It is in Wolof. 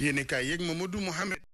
yéen i kaay yeeg Mamadou Mouhamed.